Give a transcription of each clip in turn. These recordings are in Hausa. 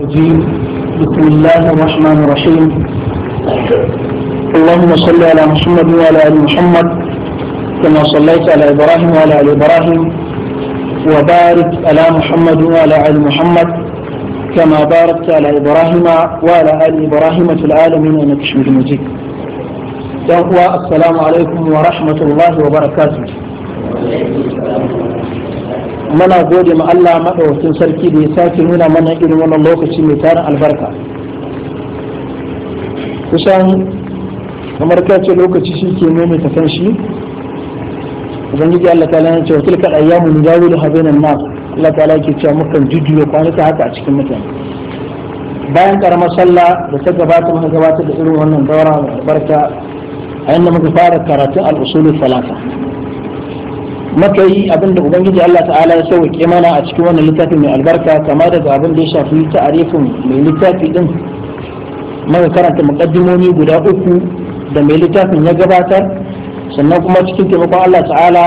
الرجيم بسم الله الرحمن الرحيم اللهم صل على محمد وعلى ال محمد كما صليت على ابراهيم وعلى ال ابراهيم وبارك على محمد وعلى ال محمد كما باركت على ابراهيم وعلى ال ابراهيم في العالمين انك حميد مجيد. السلام عليكم ورحمه الله وبركاته. muna gode ma Allah maɗaukin sarki da ya sake nuna mana irin wannan lokaci mai tarin albarka kusan kamar ka ce lokaci shi ke nome ta kan shi ubangiji Allah ta lana cewa tilka ayyamu ni dawo da nan ma Allah ta ke cewa mukan jujjuya kwanuka haka a cikin mutane bayan karamar sallah da ta gabata muka gabatar da irin wannan daura mai albarka a yadda muka fara karatun al'usulul falata muka yi abin da ubangiji Allah ta'ala ya sauke mana a cikin wannan littafi mai albarka kama daga abin da ya shafi ta'arifin mai littafi din muka karanta muqaddimomi guda uku da mai littafin ya gabatar sannan kuma cikin taimakon Allah ta'ala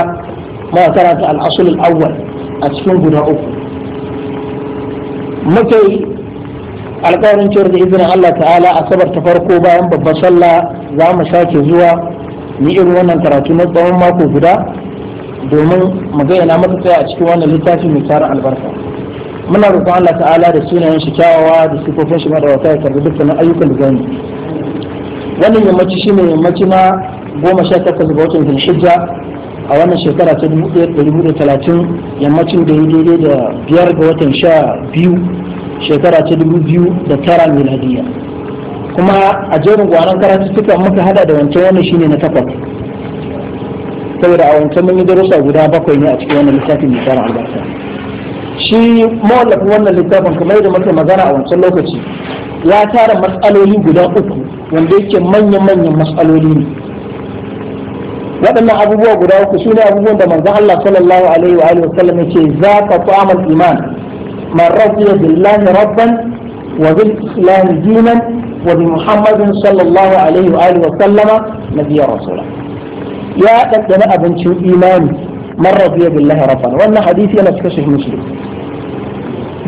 muka karanta al-asl al-awwal a cikin guda uku muka yi alƙawarin cewar da izinin Allah ta'ala asabar ta farko bayan babban sallah za mu sake zuwa ni irin wannan karatu na tsawon mako guda domin mu gayyana maka tsaya a cikin wannan littafi mai tara albarka muna roƙon Allah ta'ala da sunayen shi kyawawa da sifofin shi wata ya karɓi dukkanin ayyukan da zamu wannan yammaci shine yammaci na goma sha takwas ga watan Zulhijja a wannan shekara ta dubu ɗaya da dubu da talatin yammacin da ya daidai da biyar ga watan sha biyu shekara ta dubu biyu da tara miladiya kuma a jerin gwanon karatuttuka muka hada da wancan wannan shine na takwas saboda a wancan mun yi darussa guda bakwai ne a cikin wannan littafin mai tara albarka shi mawallafin wannan littafin kamar yadda muka magana a wancan lokaci ya tara matsaloli guda uku wanda yake manyan-manyan matsaloli ne waɗannan abubuwa guda uku su ne abubuwan da manzon Allah sallallahu alaihi wa alihi wasallam yake za ka ta'amal iman man radiya billahi rabban wa bil islam dinan wa bi muhammadin sallallahu alaihi wa alihi wasallama nabiyar rasulah ya ɗanɗana abincin imani man radiya billahi rabban wannan hadisi yana cikin sahih muslim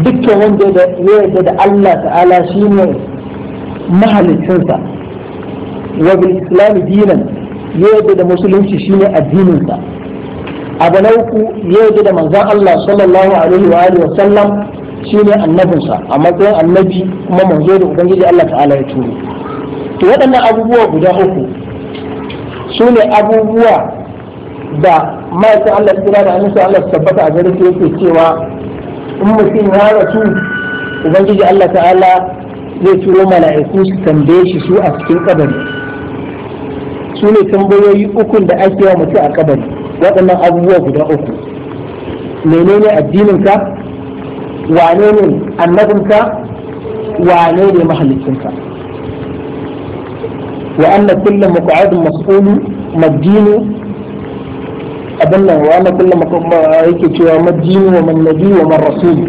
dukkan wanda da ya yarda da Allah ta'ala shine mahalicinsa wa bil islam dinan yadda da musulunci shine addinin sa abu na uku ya da manzon Allah sallallahu alaihi wa alihi wa shine annabinsa a matsayin annabi kuma manzo da ubangiji Allah ta'ala ya turo to waɗannan abubuwa guda uku su ne abubuwa da ma'aikin Allah kira da annabi Allah tabbata a gare yake cewa in mutum ya rasu ubangiji Allah ta'ala zai turo mala'iku su tambaye shi su a cikin kabari su ne tambayoyi ukun da ake wa mutum a kabari waɗannan abubuwa guda uku menene addininka wane ne annabinka wane ne mahalicinka وأن كل مقعد مسؤول مدين أبنى وأن كل مقعد مدين ومن نبي ومن رسول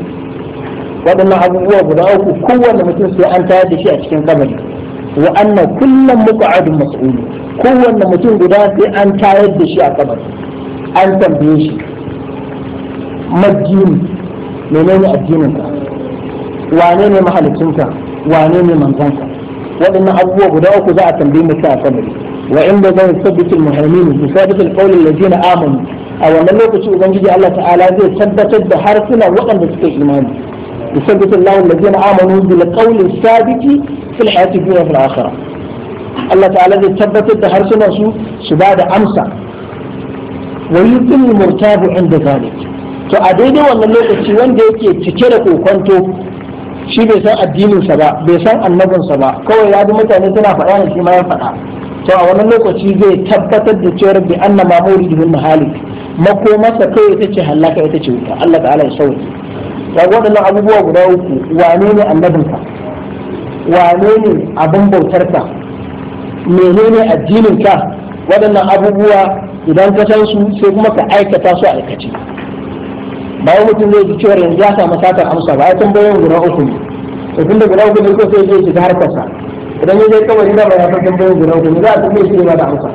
waɗannan abubuwa guda uku kowanne mutum sai an tayar da shi a cikin kabari wa anna kullum muqa'adun mas'ul kowanne mutum guda sai an tayar da shi a kabari an tambaye shi ka wane wane waɗannan abubuwa guda uku za a tambayi mutum a kabari wa inda zan sabbata muhammin su sabbata alqawlin ladina amanu a wannan lokaci ubangiji Allah ta'ala zai tabbatar da harsuna waɗanda suka imani يثبت الله الذين امنوا بالقول الثابت في الحياه الدنيا وفي الاخره. الله تعالى زي ثبت ده هرسنا سو سبا امسى ويقل المرتاب عند ذلك. to a daidai wannan lokaci wanda yake cike da kokonto shi bai san addininsa ba bai san annabinsa ba kawai ya ji mutane suna faɗa ne shi ma ya faɗa to a wannan lokaci zai tabbatar da cewa bi anna ma halik mako masa kai ita ce halaka ita ce wuta Allah ta'ala ya sauke ga nan abubuwa guda uku wane ne annabinka wane ne abin bautarka menene addininka waɗannan abubuwa idan ka san su sai kuma ka aikata su aikace bayan mutum zai ji cewa yanzu ya samu satar amsa ba ya tambayoyin guda uku ne to tun da guda uku ne ko sai zai shiga harkarsa idan ya kama kawai da ba ya san tambayoyin guda uku ne za a tambaye shi ne ba da amsa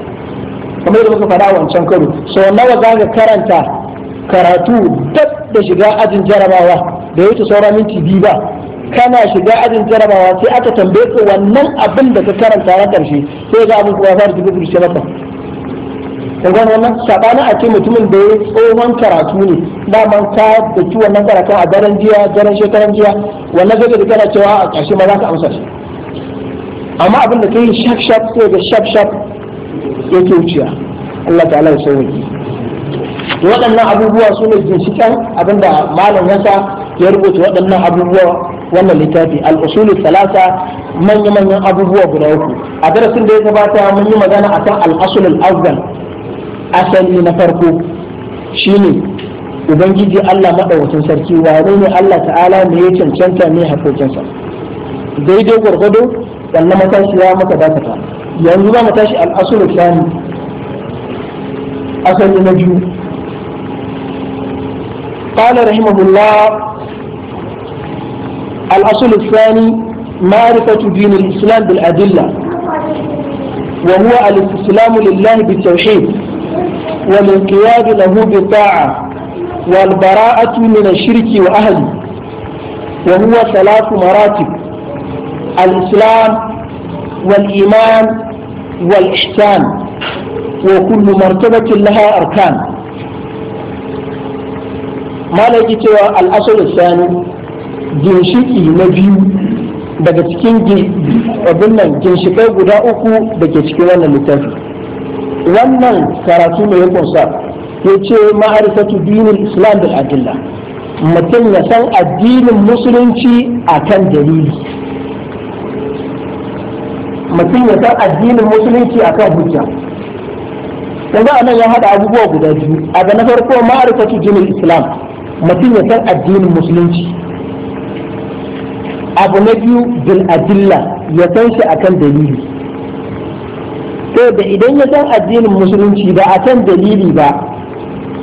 kamar yadda muka faɗa wancan karo sau nawa za ka karanta karatu dab da shiga ajin jarabawa da yake saura minti biyu ba kana shiga ajin jarabawa sai aka tambaye ka wannan abin da ka karanta na ƙarshe sai ga abubuwa za su tafi maka kun gane wannan sabanin a mutumin da ya tsohon karatu ne man ka da ci wannan karatun a daren jiya daren shekaran jiya wannan zai da kana cewa a ƙarshe ma za ka amsa shi amma abin da kai shaf shaf sai ga shaf ya yake wuciya Allah ta'ala ya sauki to waɗannan abubuwa su ne ginshiƙan abin da malam yasa ya rubuta waɗannan abubuwa wannan littafi al-usulu salasa manya-manyan abubuwa guda uku a darasin da ya gabata mun yi magana akan al-asul al asali na farko shine ubangiji Allah madawacin sarki wane ne Allah ta'ala ne ya cancanta ne haƙoƙinsa daidai gwargwado wannan matashi ya maka dakata yanzu za matashi tashi al'asulu sani asali na biyu قال رحمه الله الأصل الثاني معرفة دين الإسلام بالأدلة وهو الاستسلام لله بالتوحيد والانقياد له بالطاعة والبراءة من الشرك وأهله وهو ثلاث مراتب الإسلام والإيمان والإحسان وكل مرتبة لها أركان ما لقيت الأصل الثاني جنشكي نبيو daga cikin abin nan ginshikai guda uku da ke cikin wannan littafi wannan karatu mai kunsa ya ce ma'arifatu dinin islam bil adilla mutum ya san addinin musulunci a kan dalili mutum ya san addinin musulunci a kan hujja yanzu nan ya haɗa abubuwa guda biyu a ga na farko ma'arifatu dinin islam mutum ya san addinin musulunci abu na biyu bil adilla ya san shi kan dalili sai da idan ya san addinin musulunci ba a kan dalili ba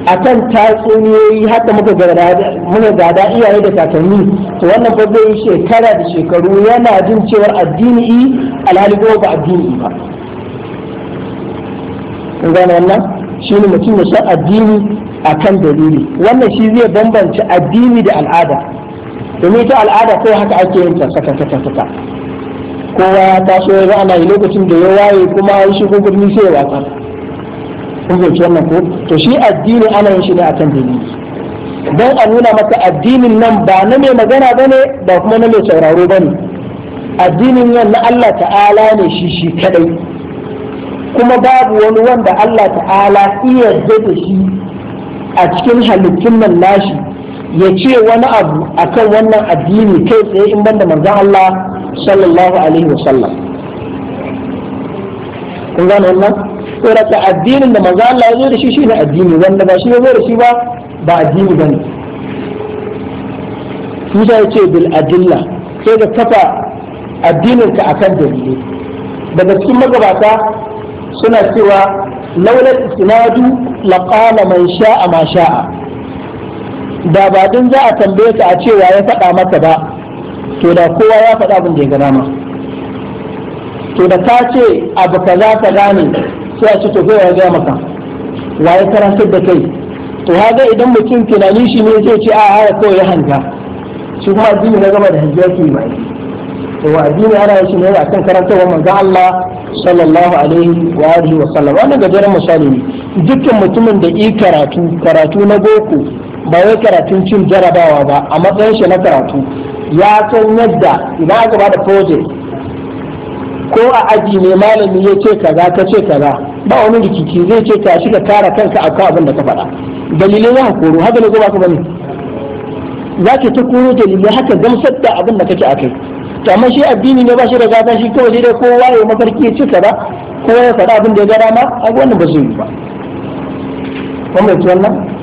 a kan tatsuniyoyi haka muka gada iyaye da kakanni to wannan ba zai yi shekara da shekaru yana jin cewar addini alhali ko ba addini ba kun gane wannan shi ne mutum ya san addini a kan dalili wannan shi zai bambance addini da al'ada domin ita al'ada kawai haka ake yin ta saka saka saka kowa ya taso ya ana yi lokacin da ya waye kuma ya shi sai ya wata. kun fahimci wannan ko to shi addini ana yin shi ne akan dalili don a nuna maka addinin nan ba na mai magana ba ne ba kuma na mai sauraro ba ne addinin nan na Allah ta'ala ne shi shi kadai kuma babu wani wanda Allah ta'ala iya da shi a cikin halittun nan nashi ya ce wani abu akan wannan addini kai tsaye in banda manzan Allah sallallahu alaihi wasallam kun gane wannan saboda addinin da manzo Allah ya zo da shi shine addini wanda ba shi ya zo da shi ba ba addini bane Musa ya ce bil adilla sai da kafa addinin ka akan dalilai daga cikin magabata suna cewa laula sinadu laqala man sha'a ma sha'a da ba din za a tambaye ka a cewa ya faɗa maka ba to da kowa ya faɗa abin da ya gana ma to da ka ce abu za ka gane sai a ce to kai ya gaya maka wa ya karantar da kai to haka idan mutum tunani shi ne zai ce a haya kawai ya hanga shi kuma addini na gaba da hajjiya ke ba to wa addini ana shi ne a kan karantarwa manzon Allah sallallahu alaihi wa alihi wa sallam wannan gajeren misali ne dukkan mutumin da yi karatu karatu na boko ba wai karatun cin jarabawa ba a matsayin shi na karatu ya san yadda ina aka da project ko a aji ne malami ya ce kaza ka ce kaza ba wani rikici zai ce ta shi ka kanka akan abin da ka faɗa dalilin ya hakuru haka ne ko ba ka bane za ka ta koro dalilai haka gamsar da abin da kake akai to amma shi addini ne ba shi da gata shi kawai sai dai kowa ya mafarki ya ce kaza kowa ya faɗa abin da ya ga dama a wannan ba zai yi ba kuma wannan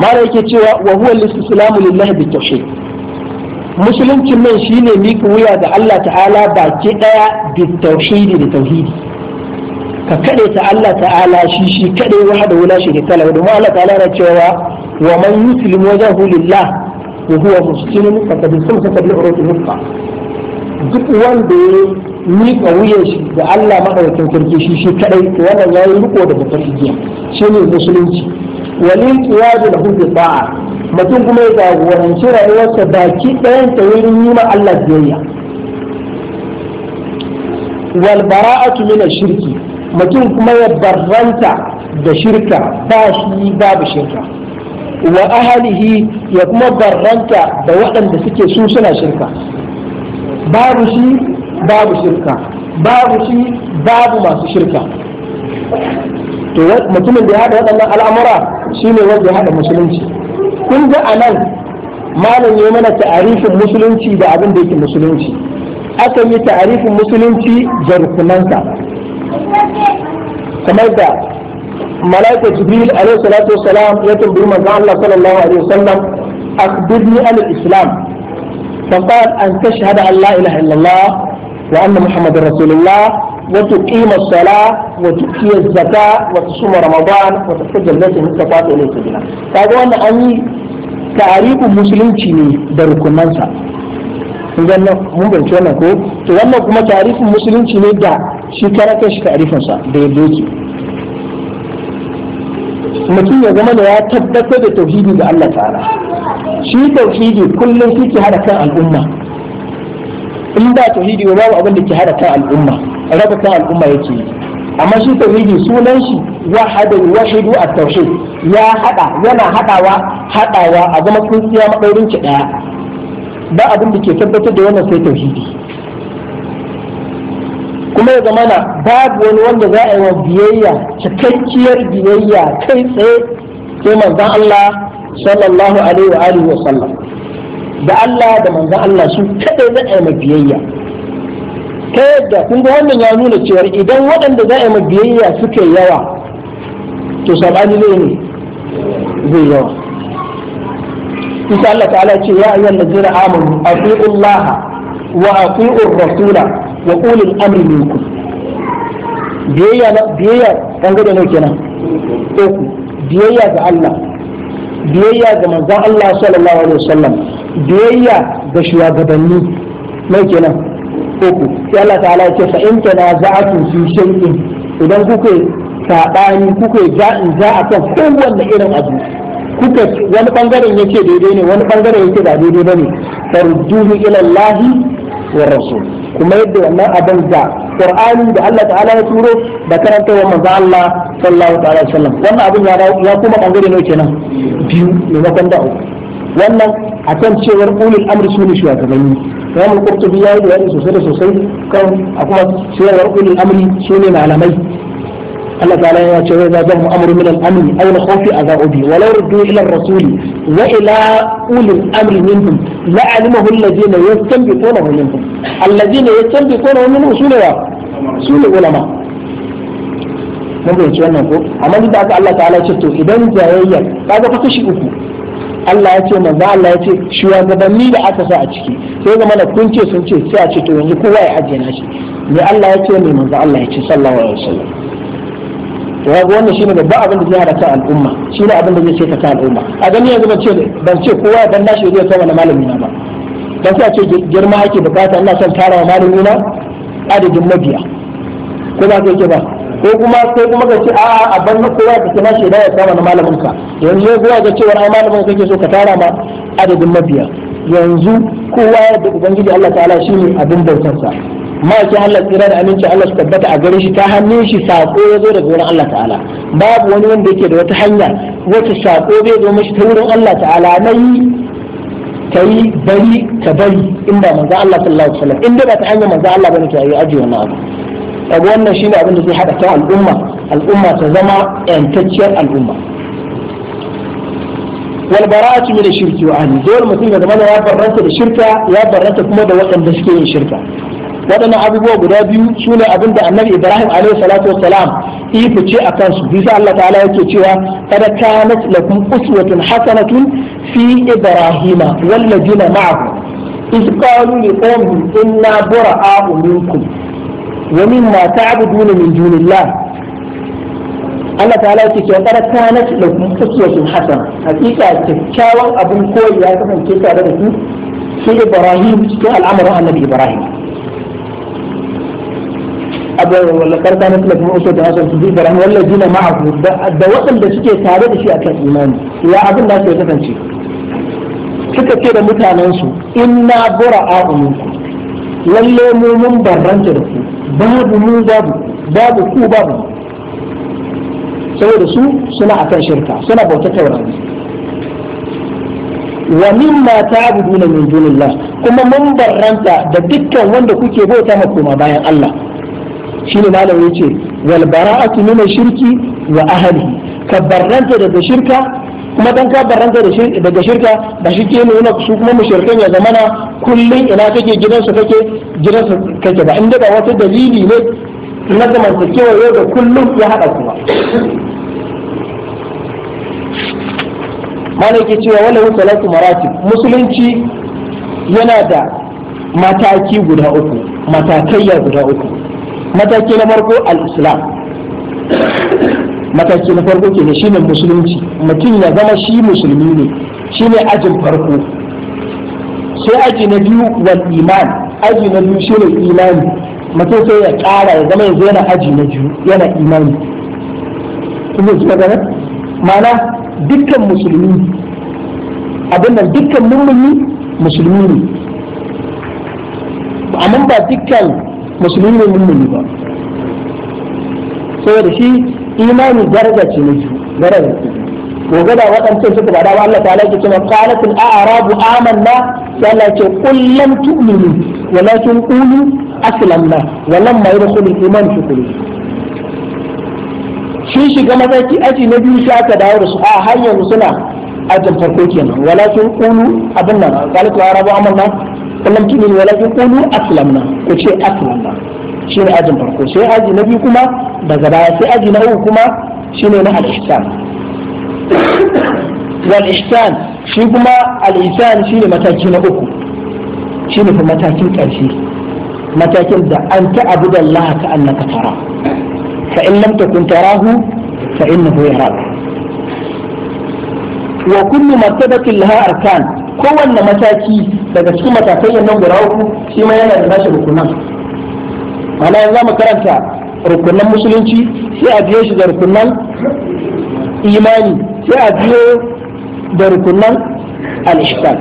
mara yake cewa wa huwa al-islamu lillahi bi tawhid musuluncin nan shine miƙa wuya ga Allah ta'ala baki daya bi tauhidi da tauhidi ka kade ta Allah ta'ala shi shi kade wahda wala sharika lahu domin Allah ta'ala yana cewa wa man yuslimu wajhahu lillah wa huwa muslimun faqad istamsaka bil urwatil nufa. duk wanda ya miƙa wuya shi ga Allah madaukakin sarki shi shi kadai to wannan yayi riko da bakar igiya shine musulunci walin qiyadu lahu bi ta'a mutum kuma ya jagoranci rayuwarsa baki ɗayan ta wurin yi ma Allah biyayya wal bara'atu min shirki mutum kuma ya barranta da shirka ba shi babu shirka wa ahlihi ya kuma barranta da waɗanda suke su suna shirka babu shi babu shirka babu shi babu masu shirka to mutumin da ya haɗa waɗannan al'amura ne wanda ya haɗa musulunci kun ga nan malam ya mana ta'arifin musulunci da abin da yake musulunci aka yi ta'arifin musulunci da rukunansa kamar da malaika jibril alaihi salatu wassalam ya tambayi manzo Allah sallallahu alaihi wasallam akhbirni an al-islam fa qala an tashhada an la ilaha illallah wa anna muhammadar rasulullah وتقيم الصلاة وتؤتي الزكاة وتصوم رمضان وتحج الناس إن استطعت إليه سبيلا فهذا أنا أني تعريف مسلم تشيني بركن ننسى idan na mun bance wannan ko to wannan kuma tarifin musulunci ne da shi karaka shi tarifin da mutum ya zama da ya tabbatar da tauhidi ga Allah ta'ala shi tauhidi kullum kike hada kan al'umma in ba tauhidi ba babu abin da ke hada kan al'umma raba kan al'umma yake amma shi tauhidi sunan shi wahada wahidu a tauhid ya hada yana hadawa hadawa a zama tsintsiya madaurin ki daya ba abin da ke tabbatar da wannan sai tauhidi kuma ya zamana babu wani wanda za a yi wa biyayya cikakkiyar biyayya kai tsaye sai manzon Allah sallallahu alaihi wa alihi wa sallam da Allah da manzon Allah su kaɗai za a yi biyayya ta yadda kun ga wannan ya nuna cewa idan waɗanda za a yi biyayya suke yawa to sabani ne ne zai yawa isa Allah ta'ala ce ya ayyuhan ladzina amanu atiullaha wa fi rasula wa ulil amri minkum biyayya na biyayya bangare ne kenan uku biyayya ga Allah biyayya ga manzon Allah sallallahu alaihi wasallam biyayya ga shugabanni ne kenan uku sai Allah ta'ala ya ce fa in kana za'atu fi shay'in idan kuka sabani kuka ja'in za akan kowanne irin abu kuka wani bangaren yake daidai ne wani bangaren yake ba daidai bane farjuhu ila Allah wa rasul kuma yadda wannan abin da Qur'ani da Allah ta'ala ya turo da karanta wa manzo Allah sallallahu ta'ala alaihi wasallam wannan abin ya ya kuma bangare ne kenan biyu maimakon da uku wannan a akan cewar ulul amri sunu shugabanni kamar kurtubi ya yi bayani sosai da sosai kan a kuma cewar ulul amri su ne malamai Allah ta'ala ya ce za zan amru min al-amri aw al-khawfi adha'u bi wa law ruddu ila ar-rasul wa ila ulil amri minhum la alimahu alladhina yastanbitunahu minhum alladhina yastanbitunahu minhum sunawa sunawa ulama mun fahimci wannan ko amma duk da aka Allah ta'ala ce to idan jayayya kaga fa kashi uku Allah ya ce manzo Allah ya ce shugabanni da aka sa a ciki sai zama da kun ce sun ce sai a ce to yanzu kowa ya ajiye na shi me Allah ya ce me manzo Allah ya ce sallallahu alaihi wasallam to ga wannan shine babban abin da zai hada kan al'umma shine abin da zai ce ta al'umma a gani yanzu ban ce ban ce kowa ya dan nashi zai saba na malami na ba dan sai a ce girma ake bukata ina son tarawa malami na adadin mabiya ko ba ka yake ba ko kuma kuma ka ce a'a a bar na kowa ka kira shi ya kama na malamin ka yanzu ya zuwa ga cewa ai malamin kake so ka tara ma adadin mabiya yanzu kowa ya da ubangiji Allah ta'ala shine abin bautar sa ma'aikin Allah tsira da aminci Allah su tabbata a gare shi ta hannun shi sako ya zo daga wurin Allah ta'ala babu wani wanda yake da wata hanya wata sako zai zo mashi ta wurin Allah ta'ala na ka yi bari ka bari inda ba manzo Allah sallallahu alaihi wasallam in ba ta hanyar manzo Allah bane to ayi ajiye wannan abu kaga wannan shine abin da zai hada ta al'umma al'umma ta zama yantacciyar al'umma wal bara'atu min shirki wa ahli dole mutum ya zama ya barranta da shirka ya barranta kuma da waɗanda suke yin shirka waɗannan abubuwa guda biyu su ne abin da annabi ibrahim alaihi salatu wassalam yi fice a kansu bisa allah ta'ala yake cewa kada kanat lakum uswatun hasanatun fi ibrahima wallazina ma'ahu إذ قالوا لقومهم إنا براء منكم ومما تعبدون من دون الله الله تعالى يقول كانت لكم أسوة حسنة حقيقة تكاوى أبو الكوي يا كمان كيف أبدتو في إبراهيم في الأمر عن نبي إبراهيم أبو الله كانت لكم أسوة حسنة في إبراهيم والذين معه الدواصل اللي شكي تعالى في أكاد إيمان يا أبو الناس يا كمان شيء كيف كده متى ننسو إنا براء منكم ولا مؤمن برنجركم babu mu babu babu ku babu saboda su suna akan shirka suna bauta taurari wa mimma ta'buduna min dunillah kuma mun barranta da dukkan wanda kuke bauta ma koma bayan Allah shine malamin yace wal bara'atu min shirki wa ahali, ka barranta daga shirka kuma dan ka barranta daga shirka ba shi ke nuna su kuma mushrikan ya zamana kullum ina kake gidansu kake gidansu kake ba inda ba wata dalili ne na zamantakewa yau da kullum ya haɗa kuma mana ke cewa wala hu salatu maratib musulunci yana da mataki guda uku matakai guda uku mataki na farko al-islam mataki na farko shi ne musulunci mutum ya zama shi musulmi ne shi ne ajin farko sai aji na biyu wal iman aji na biyu shi ne imani mutum sai ya ƙara ya zama yanzu yana aji na biyu yana imani kuma ji magana mana dukkan musulmi abin nan dukkan mummuni musulmi ne amma ba dukkan musulmi ne mummuni ba sai da shi imani daraja ce ne daraja gobe da waɗancan suka faɗa ba Allah ta'ala ke cewa qalat al a'rabu amanna sai Allah ce qul lam tu'minu walakin qulu aslamna ma yadkhul al iman fi qulubikum shi shiga mataki aji na biyu sai aka dawo da su a hanyar suna suna ajin farko kenan walakin qulu abin nan qalat al a'rabu amanna qul lam tu'minu walakin qulu aslamna ku ce aslamna shine ajin farko sai aji na biyu kuma daga baya sai aji na uku kuma shine na al-ihsan wal ihsan shi kuma al-ihsan shine mataki na uku shine kuma matakin ƙarshe matakin da an da Allah ka annaka tara fa in lam takun tarahu fa innahu yaraka wa kullu martabatin laha arkan kowanne mataki daga cikin matakai nan guda uku shi ma yana da nashi rukunan mana yanzu za mu karanta rukunan musulunci sai a biyo shi da rukunan imani sai a biyo da rukunan al-ihsan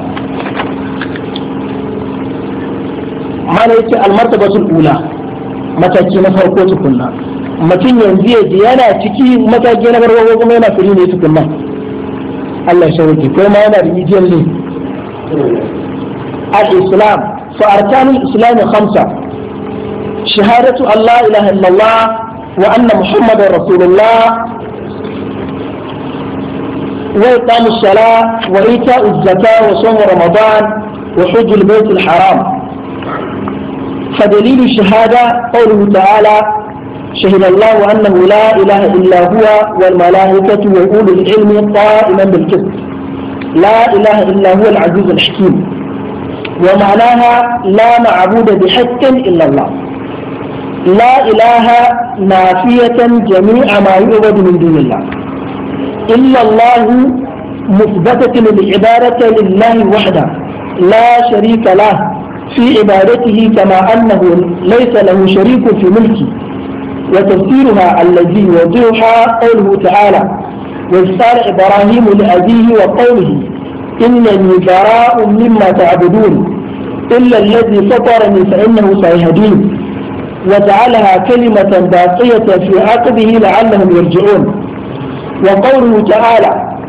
mana yake al-martabatul ula mataki na farko tukunna mutum yanzu ya yana ciki mataki na farko kuma yana firi ne tukunna Allah ya shawarci ko ma yana da idiyan ne al-islam fa arkanul islam khamsa شهادة أن لا إله إلا الله وأن محمد رسول الله وإقام الصلاة وإيتاء الزكاة وصوم رمضان وحج البيت الحرام فدليل الشهادة قوله تعالى شهد الله أنه لا إله إلا هو والملائكة وأولو العلم قائما بالكذب لا إله إلا هو العزيز الحكيم ومعناها لا معبود بحق إلا الله لا إله نافية جميع ما يعبد من دون الله إلا الله مثبتة العبادة لله وحده لا شريك له في عبادته كما أنه ليس له شريك في ملكه وتفسيرها الذي يوضحها قوله تعالى وإذ إبراهيم لأبيه وقوله إنني براء مما تعبدون إلا الذي فطرني فإنه سيهدين وجعلها كلمة باقية في عقبه لعلهم يرجعون وقوله تعالى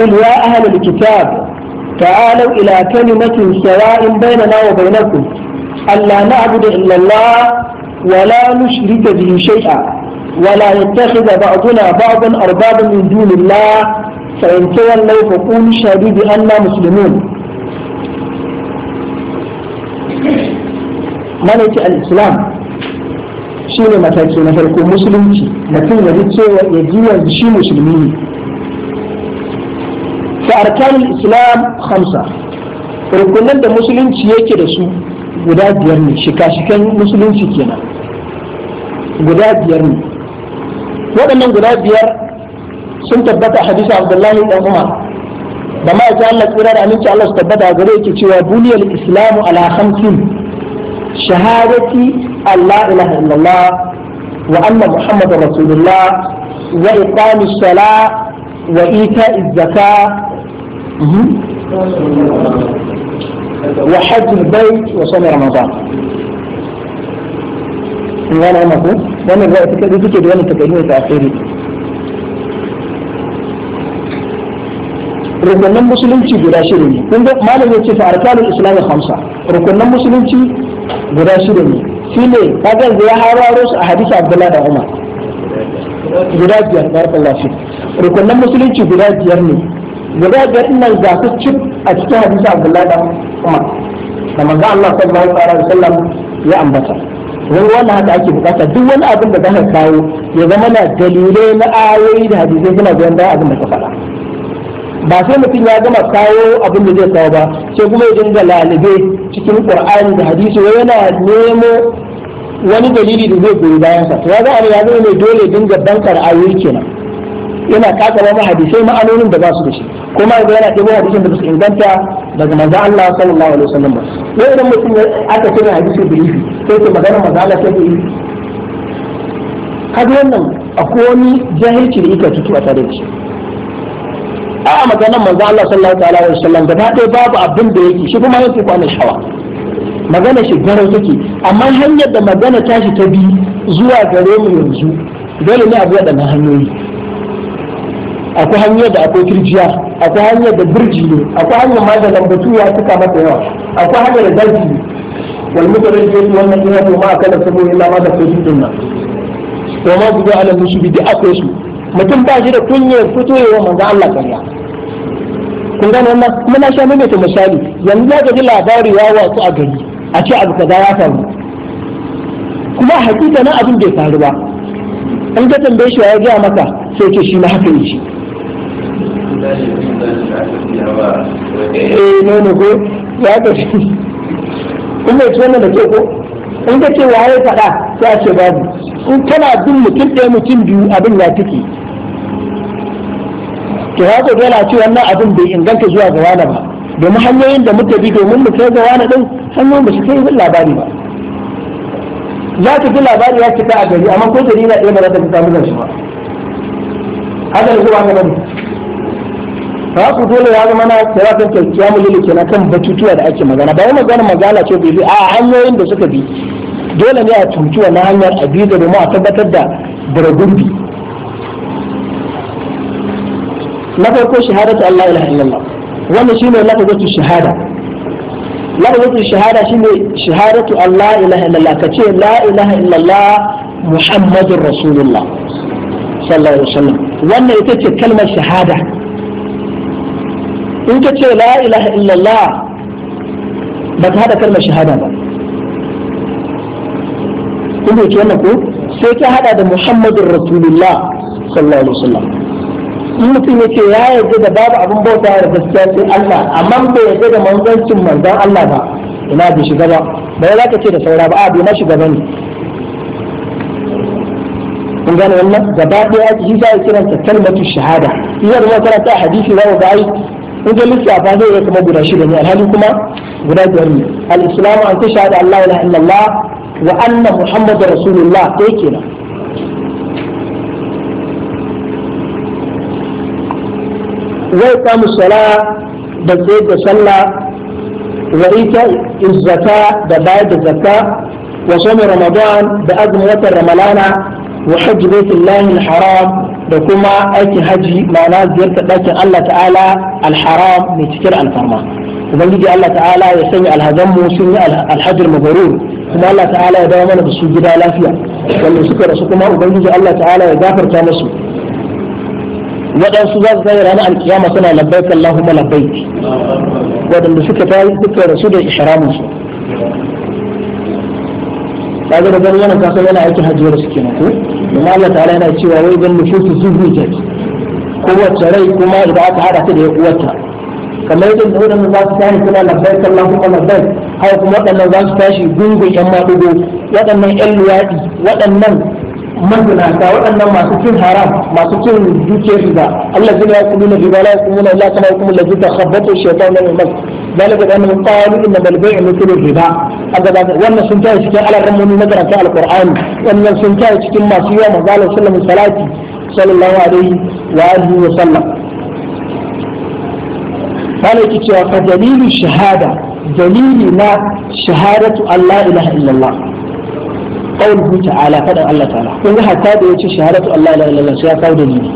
قل يا أهل الكتاب تعالوا إلى كلمة سواء بيننا وبينكم ألا نعبد إلا الله ولا نشرك به شيئا ولا يتخذ بعضنا بعضا أربابا من دون الله فإن تولوا فقولوا اشهدوا بأننا مسلمون ملك الإسلام shi ne mataki na farko musulunci mutum ya ji cewa ya ji yanzu shi musulmi ne fa arkanul islam hamsa rukunan da musulunci yake da su guda biyar ne shika-shikan musulunci kenan guda biyar ne waɗannan guda biyar sun tabbata hadisi abdullahi dan umar da ma'aikin Allah tsira da aminci Allah su tabbata gare yake cewa duniyar islamu ala hamsin shahadati أن لا إله إلا الله وأن محمد رسول الله وإقام الصلاة وإيتاء الزكاة وحج البيت وصوم رمضان وانا انا هو وانا الرأي تكاد تكاد وانا تكاد في اخيري musulunci guda تي ne kun ga malam ya ce fa arkanul islam khamsa rukunan musulunci guda shirin ne shine kaga ya hararo su a hadisi Abdullahi da Umar guda biyar barakallahu fi rukunan musulunci guda biyar ne guda biyar nan ga su cip a cikin hadisi Abdullahi da Umar da manzo Allah sallallahu alaihi Sallam ya ambata wani wani haka ake bukata duk wani abin da zaka kawo ya zama na dalilai na ayoyi da hadisai suna biyan da abin da ka faɗa ba sai mutum ya gama kawo abin da zai kawo ba sai kuma ya dinga lalibe cikin qur'ani da hadisi wai yana nemo wani dalili da zai goyi bayan sa to ya zama ya zama mai dole dinga bankar ayoyi kenan yana kaka ma hadisai ma'anonin da ba su da shi kuma yanzu yana ɗebo hadisin da su inganta daga manzo Allah sallallahu alaihi wasallam ba wai idan mutum ya aka cire hadisi yi, sai ke magana manzo Allah sai yi kaga wannan akwai wani jahilci da yake tutu a tare da shi a maganar manzo Allah sallallahu alaihi da gaba dai babu abin da yake shi kuma yake kwana shawa magana shi garau take amma hanyar da magana ta shi ta bi zuwa gare mu yanzu dole ne abu waɗannan hanyoyi akwai hanyar da akwai kirjiya akwai hanyar da birji ne akwai hanyar ma da lambatu ya suka mata yawa akwai hanyar da daji ne wal mutarajjiyatu wal najiyatu ma akala sabu illa ma da kusu dinna to ma bi ala musu bi da akwai su mutum ba shi da kunyar fito manzo Allah kariya kun gane wannan muna sha mai ta misali yanzu za ka ji labari ya watsu a gari a ce abu kaza ya faru kuma hakika na abin bai faru ba An ka tambaye shi ya gaya maka sai ce shi na haka shi eh ne ko ya ka shi kuma bai ci wannan da ke ko in ka ce waye faɗa sai ce babu in kana bin mutum ɗaya mutum biyu abin ya tike to ya ko yana ce wannan abin bai inganta zuwa ga wani ba domin hanyoyin da muka bi domin mu kai ga wani din hanyoyin ba su kai bin labari ba za ka ji labari ya cika a gari amma ko jarida ɗaya ba za ta fi samun shi ba haka da zuwa gaba ta ku dole ya zama na tsara kan kyakkyawa mu lili kenan kan batutuwa da ake magana ba wani magana magana ce bai bi a hanyoyin da suka bi dole ne a tuntuwa na hanyar a bi da domin a tabbatar da burgunbi na farko shahadatu Allah ilaha illallah wannan shine lafazatu shahada lafazatu shahada shine shahadatu Allah ilaha illallah kace la ilaha illallah muhammadur rasulullah sallallahu alaihi wasallam wannan ita ce kalmar shahada in ka ce la ilaha illallah ba ta hada kalmar shahada ba kun bai wannan ko sai ka hada da muhammadur rasulullah sallallahu alaihi wasallam in mutum yake ya yarda da babu abin bauta da gaskiya sai Allah amma bai yarda da manzancin manzan Allah ba ina bai shiga ba ba za ka ce da saura ba a bai na shiga ba ne kun gane wannan gaba ɗaya shi za a kiranta kalmatu shahada iya da makaranta a hadisi za mu ga ai in ga lissafa zai iya kuma guda shida ne alhali kuma guda biyar ne al-islamu an ta shahada Allah la ilaha illallah wa anna muhammadar rasulullah ɗaya kenan zai kamu sala da tsaye da sallah wa ita izzaka da bayar da zakka wa ramadan da azumin watan ramalana wa hajji baitullahi haram da kuma aikin haji ma'ana ziyarta ɗakin Allah ta'ala alharam mai cikin alfarma ubangiji Allah ta'ala ya sanya mu sun yi alhajjar mabarur kuma Allah ta'ala ya dawo mana da su gida lafiya wanda suka rasu kuma ubangiji Allah ta'ala ya gafarta musu waɗansu za su tsaye ranar alkiyama suna labbai Allahumma labbaik waɗanda suka yi suka rasu da ihramin su kaga da ganin wannan kasan yana aikin hajjiyar su kenan ko amma Allah ta'ala yana cewa wai ban nufusu zuhrijat kowace rai kuma idan aka hada ta da ya uwarta kamar yadda da waɗanda za su tashi suna labbai Allahumma labbaik haka kuma waɗannan za su tashi gungun yan maɗugo waɗannan yan luwaɗi waɗannan mazinata waɗannan masu cin haram masu cin dukiyar riba Allah zai ya kudu na riba la ya kudu na Allah kama kuma lazi ta khabbatu shaitan na mai zalika da annabi qalu inna bal bai'u mithlu riba aga da wannan sun tayi cikin alaramuni na karanta alqur'ani wannan sun tayi cikin masu yawa manzo sallallahu salati sallallahu alaihi wa alihi wa sallam kana yake cewa fa dalilu shahada dalili na shahadatu Allah ilaha illallah qawluhu ta'ala fadan Allah ta'ala kun ga hatta da yace shahadatu Allah la ilaha illallah ya kawo dalili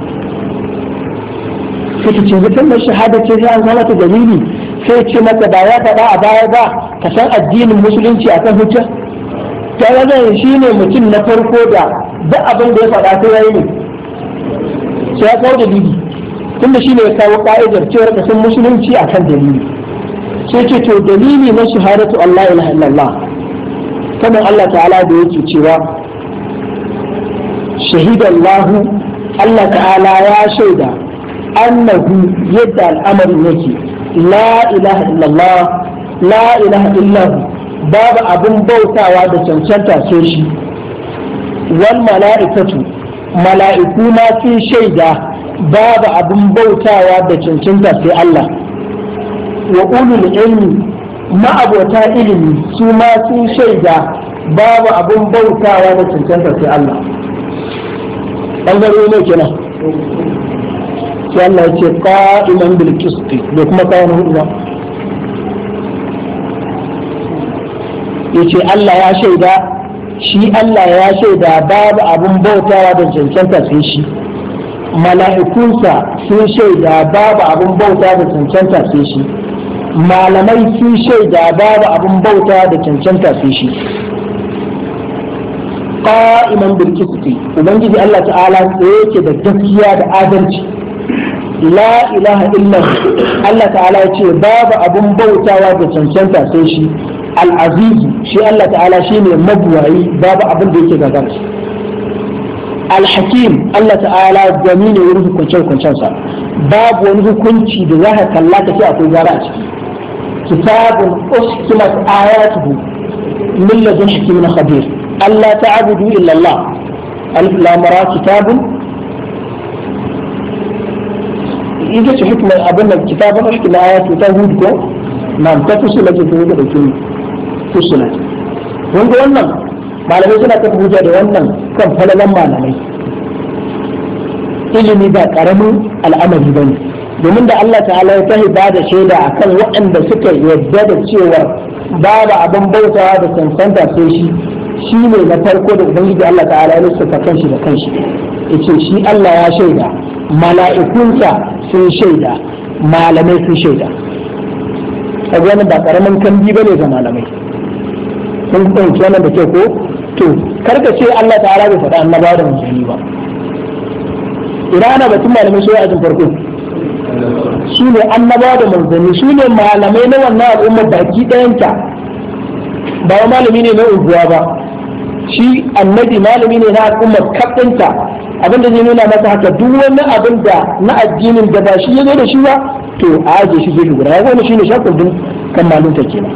kike ce zikin da shahada ce an zama ta dalili sai ce maka ba ya faɗa a baya ba ka san addinin musulunci akan hujja ta wannan shine mutum na farko da duk abin da ya faɗa sai yayi ne sai ya kawo dalili tunda ne ya kawo ka'idar cewar ka san musulunci akan dalili sai ce to dalili na shahadatu Allah ilaha illallah fadin Allah ta'ala da yake cewa shahidallahu Allah ta'ala ya shaida annahu yadda al'amarin yake la ilaha illallah la ilaha illahu babu abin bautawa da cancanta ce shi wal mala'ikatu mala'iku ma sun shaida babu abin bautawa da cancanta sai Allah wa ulul ilmi ma'abota ilimi su ma sun shaida babu abin bautawa da cancanta sai Allah ɓangare ne kenan sai Allah ya ce qa'iman bil qisti da kuma kayan hudu ba yace Allah ya shaida shi Allah ya shaida babu abin bautawa da cancanta sai shi mala'ikunsa sun shaida babu abin bauta da cancanta sai shi malamai sun shaida babu abin bauta da cancanta su shi qa'iman bil qisti ubangiji Allah ta'ala tsaye yake da gaskiya da adalci la ilaha illa Allah ta'ala ce babu abin bautawa da cancanta sai shi al azizu shi Allah ta'ala shi ne mabuwayi babu abin da yake gagara Al-hakim Allah ta'ala gani ne wurin hukuncen hukuncensa babu wani hukunci da za ka kalla ka ce akwai gara a ciki kitabun uskimat ayatuhu min ladun hakimin khabir Allah ta'budu illa alif lam ra kitabun idan abin da kitabun uskima ayatu ta hud ko nan ta fusula ce ta da kin fusula wanda wannan malamai suna kafa da wannan kan malamai ilimi ba ƙaramin al'amari domin da Allah ta'ala ya tahi ba da shaida a kan waɗanda suka yarda da cewa babu abin bautawa da cancanta sai shi shi ne na farko da ubangiji Allah ta'ala ya lissafa kanshi da kanshi yace shi Allah ya shaida mala'ikunsa sun shaida malamai sun shaida kaga wannan ba karamin kambi bane ga malamai sun fahimci wannan da ke ko to kar ka ce Allah ta'ala bai faɗa annabawa da manzanni ba ina ana batun malamai sai a farko su ne annaba da manzanni su ne malamai na wannan al'ummar baki ɗayanta ba wa malami ne na unguwa ba shi annabi malami ne na al'ummar kaɗanta abinda zai nuna masa haka duk wani abin da na addinin da ba shi ya zo da shi ba to a aje shi zai guda ya gane shi ne shakul din kan malunta kenan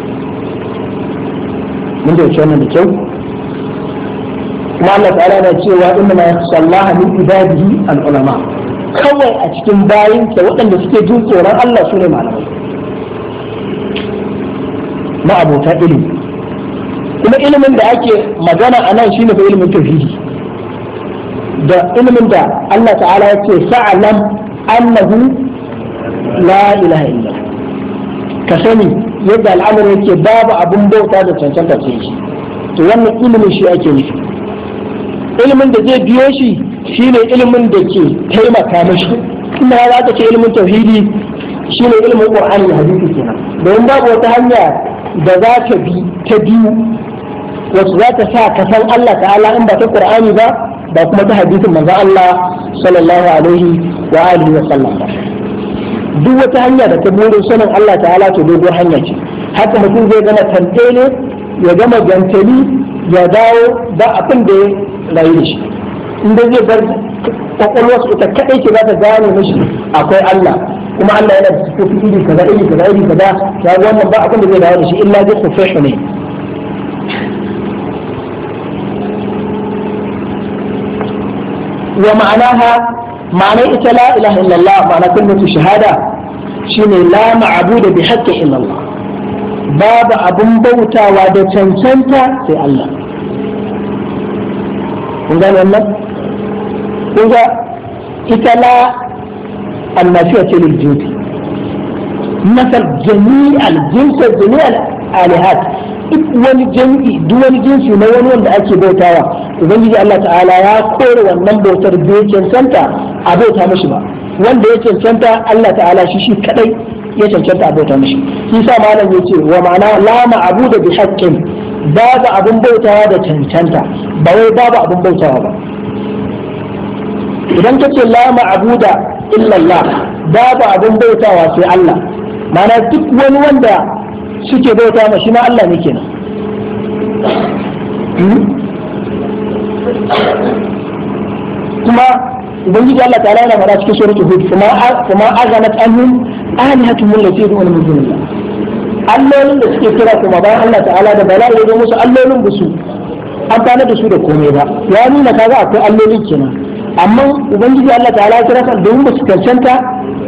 mun da wannan da kyau kuma Allah ta'ala na cewa inna ma yakhsha Allah min ibadihi al-ulama kawai a cikin bayinsa waɗanda suke jin tsoron Allah su ne malamai abota ilimi kuma ilimin da ake magana a nan shine fa ilimin tauhidi da ilimin da Allah ta'ala ya ce sa'alam annahu la ilaha illa ka sani yadda al'amarin yake babu abin bauta da cancanta ce shi to wannan ilimin shi ake nufi ilimin da zai biyo shi shine ilimin da ke taimaka mashi ina za ka ce ilimin tauhidi shine ilimin qur'ani da hadisi kenan domin babu wata hanya da za ta bi ta biyu wasu za ta sa ka san Allah ta'ala in ba ta qur'ani ba ba kuma ta hadisin maza Allah sallallahu alaihi wa alihi wa sallam ba duk wata hanya da ta burin sanin Allah ta'ala to dogon hanya ce haka mutum zai gama tantele ya gama gantali ya dawo ba abin da rayu da shi in dai zai bar kwakwalwar su ta kaɗai ke za ta gane mashi akwai Allah kuma Allah yana da sifofi iri kaza iri kaza iri kaza ya wannan ba abin da zai dawo da shi illa zai kufehu ne wa ma'anaha ma'anar ita la ilaha illallah ma'ana kullatu shahada shine la ma'budu bi haqqi illallah babu abun bautawa da cancanta sai Allah kun gane wannan kun ga ita la annafiya ce lil jinsi masal jami'al jinsi jami'al alihat wani jami'i duk wani jinsi na wani wanda ake bautawa ubangiji Allah ta'ala ya kore wannan bautar da ya cancanta a bauta mishi ba wanda ya cancanta Allah ta'ala shi shi kadai ya cancanta a bauta mishi. shi sa malam yace wa ma'ana la ma'budu bi haqqin babu abin bautawa da cancanta ba wai babu abin bautawa ba idan kace la ma'buda illa Allah babu abin bautawa sai Allah mana duk wani wanda suke bauta ma shi ma Allah ne kenan hmm? kuma ubangiji Allah ta'ala yana fara cikin suratul hud kuma kuma azanat annum alihatuhum allati yad'una min dunillah allolin da suke kira kuma bayan Allah ta'ala da bala'i ya zo musu allolin ba su amfana da su da komai ba ya nuna kaga akwai allolin kenan amma ubangiji Allah ta'ala ya kira su domin ba su cancanta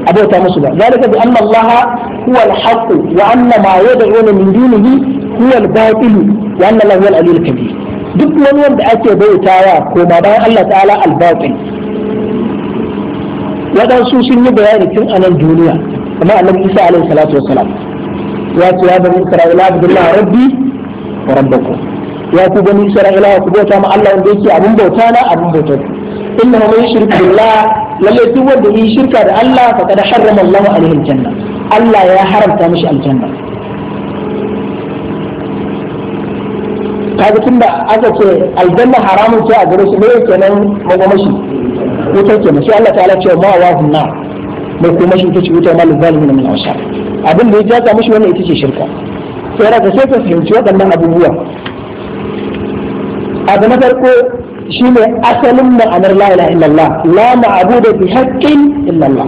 a bauta musu ba zalika bi anna Allah huwa al-haqq wa anna ma yad'una min dunihi huwa al-batil wa anna Allah huwa al-aliyyul kabir duk wani wanda ake bautawa ko ba bayan Allah ta'ala al-batil waɗansu sun yi bayani tun a nan duniya kamar annabi Isa alaihi salatu wassalam ياتي يا بني اسرائيل عبد الله ربي وربكم ياتي بني اسرائيل وكبوتا مع الله وبيت ابن بوتانا ابن بوتك انه من يشرك بالله لله سوى بني شركا الله فقد حرم الله عليه الجنه الله يا حرم تمشي الجنه kaga tun da aka ce aljanna haramun ce a gare shi ne yake nan makamashi ne ta ce mashi Allah ta ala ce ma wa hunna mai kuma shi ta ce wuta ma lizalimin min ashar abin da ya jasa mishi wannan ita ce shirka sai daga sai ka fahimci waɗannan abubuwa abu na farko ne asalin ma'anar la ilaha illallah la ma'budu bi haqqin illallah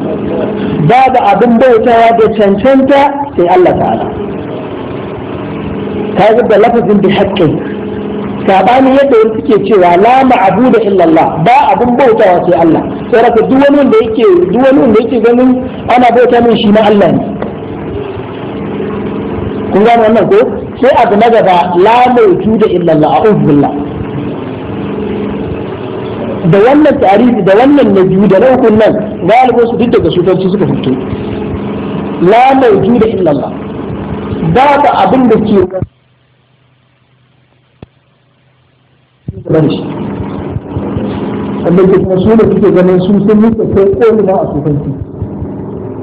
babu abin bautawa da cancanta sai Allah ta'ala kaga da lafazin bi haqqin sabani yadda suke cewa la ma'budu illallah ba abin bautawa sai Allah sai duk wani wanda yake duk wani wanda yake ganin ana bauta min shi na Allah ne kun gane wannan ko sai abu na gaba la mawjuda da illallah a billah da wannan tarihi da wannan na biyu da na hukun nan galibin su duk daga sutarci suka fito la da illallah ba babu abin da ke wanda ke kuma su da suke ganin sun sun yi sai ko a sutarci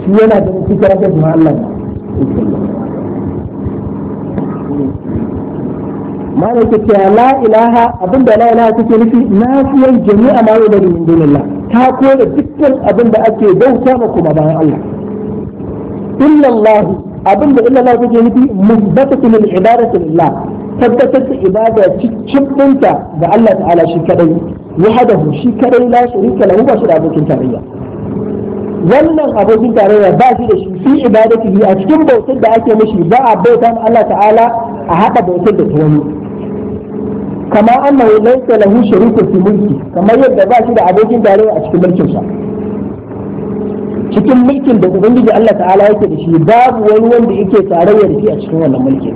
shi yana da cikin rabar ma Allah mana yake cewa la ilaha abinda la ilaha take nufi nafiyan jami'a ma yau bari min dunillah ta kore dukkan abinda ake bauta ma kuma bayan Allah illallah abinda illallah take nufi mubbatatu lil ibadati lillah tabbatar da ibada cikinta ga Allah ta'ala shi kadai wahdahu shi kadai la sharika lahu ba shi da abokin tarayya wannan abokin tarayya ba shi da shi fi ibadatihi a cikin bautar da ake mishi ba a bauta Allah ta'ala a haɗa bautar da ta wani kama annahu laysa lahu sharikun fi mulki kamar yadda ba shi da abokin tarayya a cikin mulkin sa cikin mulkin da ubangiji Allah ta'ala yake da shi babu wani wanda yake tarayya da shi a cikin wannan mulki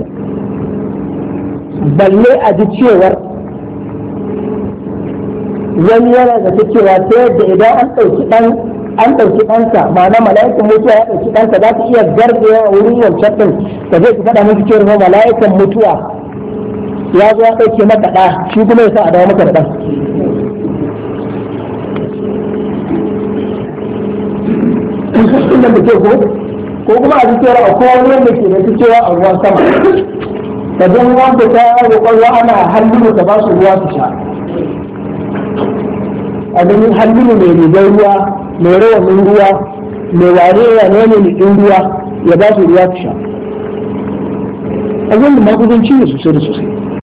balle a ji cewar wani yana da cewa ta yadda idan an ɗauki ɗan an ɗauki ɗansa ma'ana mala'ikan mutuwa ya ɗauki ɗansa za ta iya gardewa wurin wancan ɗin da zai fi faɗa musu cewar mala'ikan mutuwa ya zo ya ɗauke maka ɗa shi kuma ya sa a dawo maka da ɗan inda ke ko ko kuma a cikin a kowa wanda ke da su cewa a ruwan sama ka zan ruwan da ta roƙon ana hannu da ba su ruwa su sha a ganin hannu mai rigar ruwa mai rawanin ruwa mai ware ya ne mai ruwa ya ba su ruwa su sha a zan da magudanci ne sosai da sosai